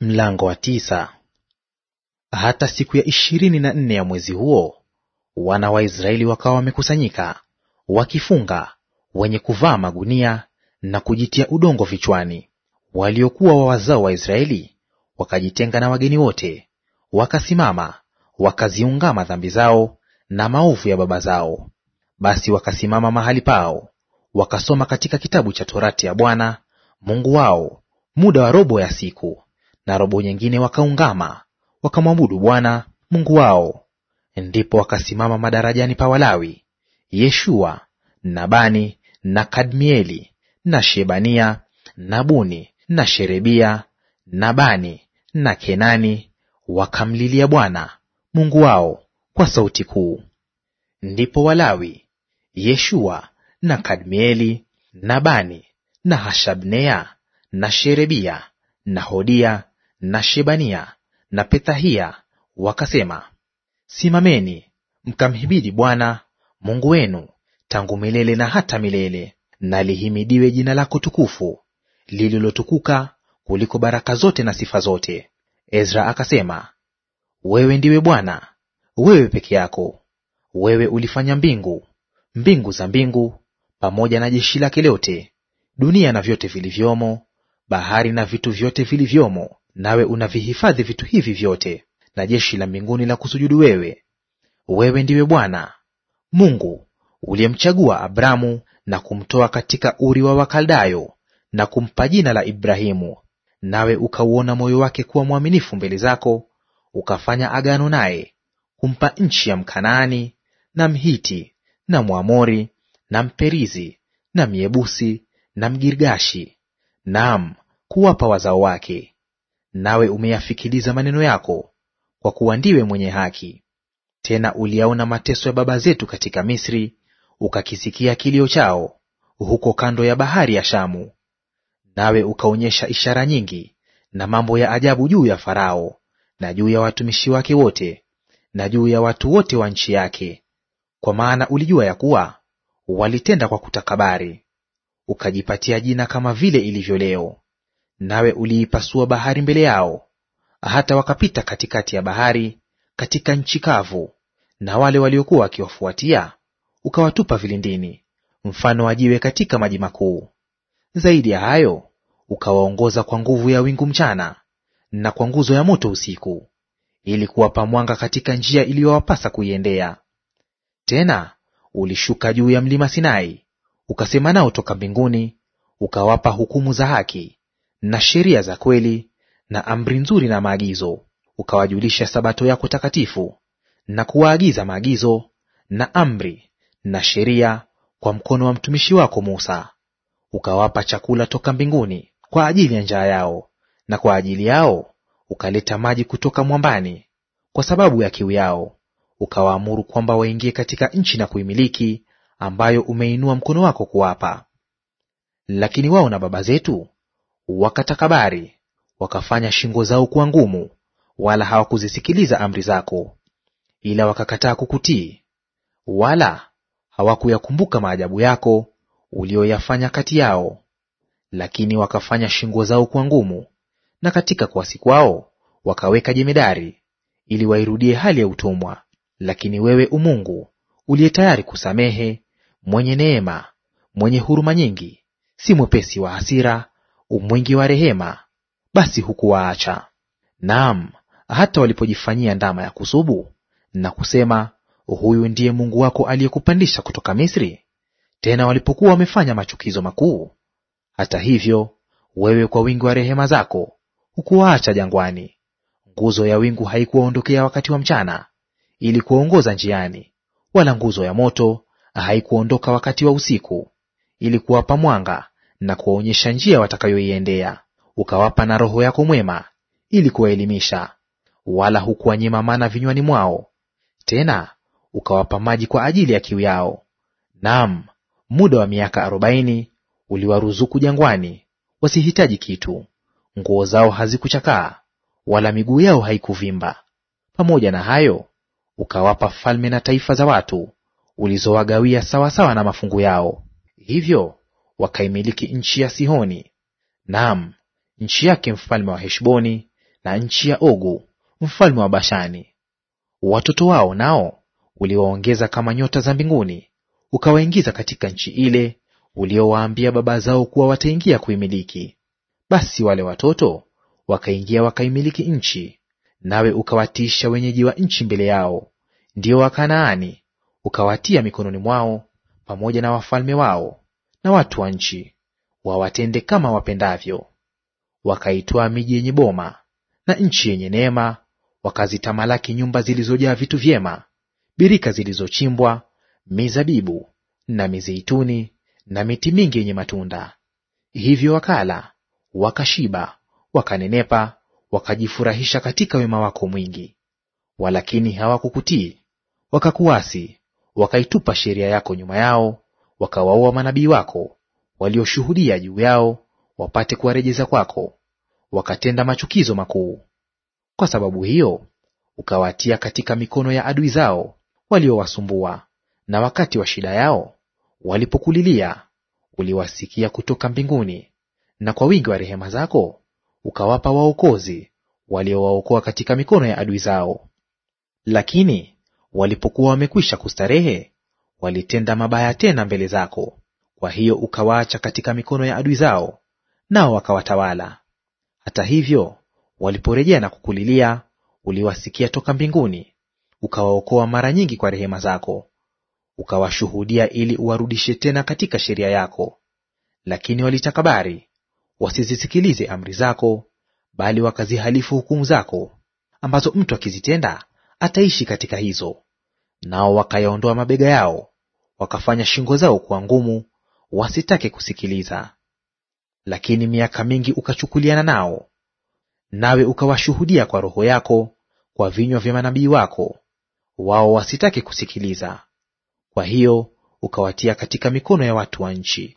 Mlango wa tisa. Hata siku ya ishirini na nne ya mwezi huo wana wa Israeli wakawa wamekusanyika wakifunga, wenye kuvaa magunia na kujitia udongo vichwani. Waliokuwa wa wazao wa Israeli wakajitenga na wageni wote, wakasimama wakaziungama dhambi zao na maovu ya baba zao. Basi wakasimama mahali pao wakasoma katika kitabu cha Torati ya Bwana Mungu wao muda wa robo ya siku na robo nyingine wakaungama wakamwabudu Bwana Mungu wao. Ndipo wakasimama madarajani pa Walawi Yeshua na Bani na Kadmieli na Shebania na Buni na Sherebia na Bani na Kenani wakamlilia Bwana Mungu wao kwa sauti kuu. Ndipo Walawi Yeshua na Kadmieli na Bani na Hashabnea na Sherebia na Hodia na Shebania na Pethahia wakasema, Simameni mkamhimidi Bwana Mungu wenu tangu milele na hata milele. Na lihimidiwe jina lako tukufu lililotukuka kuliko baraka zote na sifa zote. Ezra akasema, wewe ndiwe Bwana, wewe peke yako. Wewe ulifanya mbingu, mbingu za mbingu, pamoja na jeshi lake lote, dunia na vyote vilivyomo, bahari na vitu vyote vilivyomo, nawe unavihifadhi vitu hivi vyote na jeshi la mbinguni la kusujudu wewe. Wewe ndiwe Bwana Mungu uliyemchagua Abramu na kumtoa katika Uri wa Wakaldayo na kumpa jina la Ibrahimu, nawe ukauona moyo wake kuwa mwaminifu mbele zako, ukafanya agano naye kumpa nchi ya Mkanaani na Mhiti na Mwamori na Mperizi na Myebusi na Mgirgashi, naam, kuwapa wazao wake nawe umeyafikiliza maneno yako, kwa kuwa ndiwe mwenye haki. Tena uliyaona mateso ya baba zetu katika Misri, ukakisikia kilio chao huko kando ya bahari ya Shamu. Nawe ukaonyesha ishara nyingi na mambo ya ajabu juu ya Farao na juu ya watumishi wake wote na juu ya watu wote wa nchi yake, kwa maana ulijua ya kuwa walitenda kwa kutakabari. Ukajipatia jina kama vile ilivyo leo nawe uliipasua bahari mbele yao, hata wakapita katikati ya bahari katika nchi kavu, na wale waliokuwa wakiwafuatia ukawatupa vilindini, mfano wa jiwe katika maji makuu. Zaidi ya hayo, ukawaongoza kwa nguvu ya wingu mchana na kwa nguzo ya moto usiku, ili kuwapa mwanga katika njia iliyowapasa kuiendea. Tena ulishuka juu ya mlima Sinai, ukasema nao toka mbinguni, ukawapa hukumu za haki na sheria za kweli na amri nzuri na maagizo, ukawajulisha sabato yako takatifu, na kuwaagiza maagizo na amri na sheria kwa mkono wa mtumishi wako Musa. Ukawapa chakula toka mbinguni kwa ajili ya njaa yao, na kwa ajili yao ukaleta maji kutoka mwambani kwa sababu ya kiu yao, ukawaamuru kwamba waingie katika nchi na kuimiliki, ambayo umeinua mkono wako kuwapa. Lakini wao na baba zetu Wakatakabari, wakafanya shingo zao kuwa ngumu, wala hawakuzisikiliza amri zako, ila wakakataa kukutii, wala hawakuyakumbuka maajabu yako uliyoyafanya kati yao. Lakini wakafanya shingo zao kuwa ngumu, na katika kuasi kwao wakaweka jemedari, ili wairudie hali ya utumwa. Lakini wewe umungu uliye tayari kusamehe, mwenye neema, mwenye huruma nyingi, si mwepesi wa hasira, umwingi wa rehema, basi hukuwaacha. Naam, hata walipojifanyia ndama ya kusubu na kusema, huyu ndiye Mungu wako aliyekupandisha kutoka Misri, tena walipokuwa wamefanya machukizo makuu, hata hivyo wewe kwa wingi wa rehema zako hukuwaacha jangwani. Nguzo ya wingu haikuwaondokea wakati wa mchana ili kuwaongoza njiani, wala nguzo ya moto haikuondoka wakati wa usiku ili kuwapa mwanga na kuwaonyesha njia watakayoiendea. Ukawapa na Roho yako mwema ili kuwaelimisha, wala hukuwanyima mana vinywani mwao, tena ukawapa maji kwa ajili ya kiu yao. Naam, muda wa miaka arobaini uliwaruzuku jangwani, wasihitaji kitu. Nguo zao hazikuchakaa wala miguu yao haikuvimba. Pamoja na hayo, ukawapa falme na taifa za watu ulizowagawia sawasawa na mafungu yao. Hivyo wakaimiliki nchi ya Sihoni, naam nchi yake mfalme wa Heshboni, na nchi ya Ogu mfalme wa Bashani. Watoto wao nao uliwaongeza kama nyota za mbinguni, ukawaingiza katika nchi ile uliowaambia baba zao kuwa wataingia kuimiliki. Basi wale watoto wakaingia wakaimiliki nchi, nawe ukawatiisha wenyeji wa nchi mbele yao, ndio Wakanaani ukawatia mikononi mwao pamoja na wafalme wao, na watu wa nchi, wawatende kama wapendavyo. wakaitwa miji yenye boma na nchi yenye neema, wakazitamalaki nyumba zilizojaa vitu vyema, birika zilizochimbwa, mizabibu na mizeituni na miti mingi yenye matunda. Hivyo wakala wakashiba, wakanenepa, wakajifurahisha katika wema wako mwingi. Walakini hawakukutii, wakakuasi, wakaitupa sheria yako nyuma yao, wakawaua manabii wako walioshuhudia juu yao, wapate kuwarejeza kwako, wakatenda machukizo makuu. Kwa sababu hiyo ukawatia katika mikono ya adui zao waliowasumbua, na wakati wa shida yao walipokulilia uliwasikia kutoka mbinguni, na kwa wingi wa rehema zako ukawapa waokozi waliowaokoa katika mikono ya adui zao. Lakini walipokuwa wamekwisha kustarehe, walitenda mabaya tena mbele zako, kwa hiyo ukawaacha katika mikono ya adui zao, nao wakawatawala. Hata hivyo, waliporejea na kukulilia, uliwasikia toka mbinguni, ukawaokoa mara nyingi kwa rehema zako, ukawashuhudia ili uwarudishe tena katika sheria yako. Lakini walitakabari, wasizisikilize amri zako, bali wakazihalifu hukumu zako, ambazo mtu akizitenda ataishi katika hizo. Nao wakayaondoa mabega yao, wakafanya shingo zao kuwa ngumu, wasitake kusikiliza. Lakini miaka mingi ukachukuliana nao, nawe ukawashuhudia kwa roho yako kwa vinywa vya manabii wako, wao wasitake kusikiliza. Kwa hiyo ukawatia katika mikono ya watu wa nchi.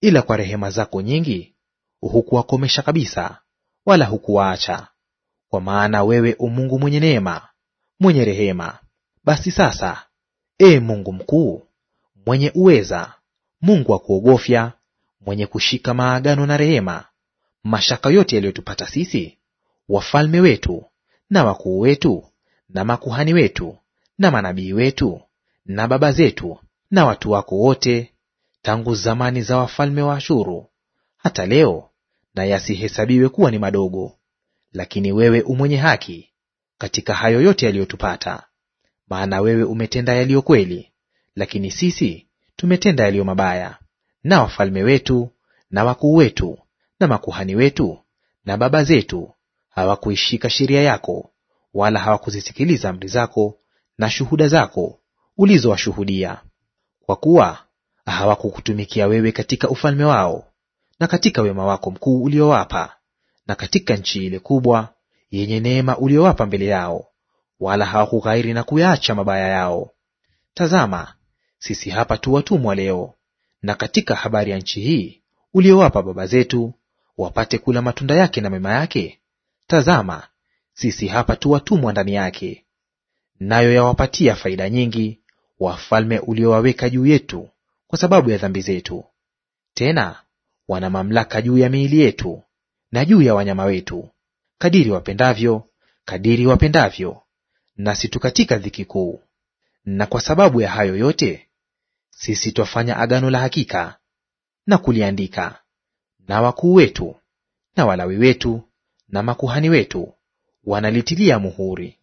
Ila kwa rehema zako nyingi hukuwakomesha kabisa, wala hukuwaacha, kwa maana wewe u Mungu mwenye neema, mwenye rehema. Basi sasa, e Mungu mkuu, mwenye uweza, Mungu wa kuogofya, mwenye kushika maagano na rehema, mashaka yote yaliyotupata sisi, wafalme wetu na wakuu wetu na makuhani wetu na manabii wetu na baba zetu na watu wako wote, tangu zamani za wafalme wa Ashuru hata leo, na yasihesabiwe kuwa ni madogo. Lakini wewe umwenye haki katika hayo yote yaliyotupata. Maana wewe umetenda yaliyo kweli, lakini sisi tumetenda yaliyo mabaya, na wafalme wetu na wakuu wetu na makuhani wetu na baba zetu hawakuishika sheria yako, wala hawakuzisikiliza amri zako na shuhuda zako ulizowashuhudia, kwa kuwa hawakukutumikia wewe katika ufalme wao na katika wema wako mkuu uliowapa, na katika nchi ile kubwa yenye neema uliowapa mbele yao, wala hawakughairi na kuyaacha mabaya yao. Tazama, sisi hapa tu watumwa leo, na katika habari ya nchi hii uliyowapa baba zetu, wapate kula matunda yake na mema yake, tazama, sisi hapa tu watumwa ndani yake. Nayo yawapatia faida nyingi wafalme uliowaweka juu yetu kwa sababu ya dhambi zetu. Tena wana mamlaka juu ya miili yetu na juu ya wanyama wetu, kadiri wapendavyo, kadiri wapendavyo nasi tu katika dhiki kuu. Na kwa sababu ya hayo yote sisi twafanya agano la hakika na kuliandika, na wakuu wetu na Walawi wetu na makuhani wetu wanalitilia muhuri.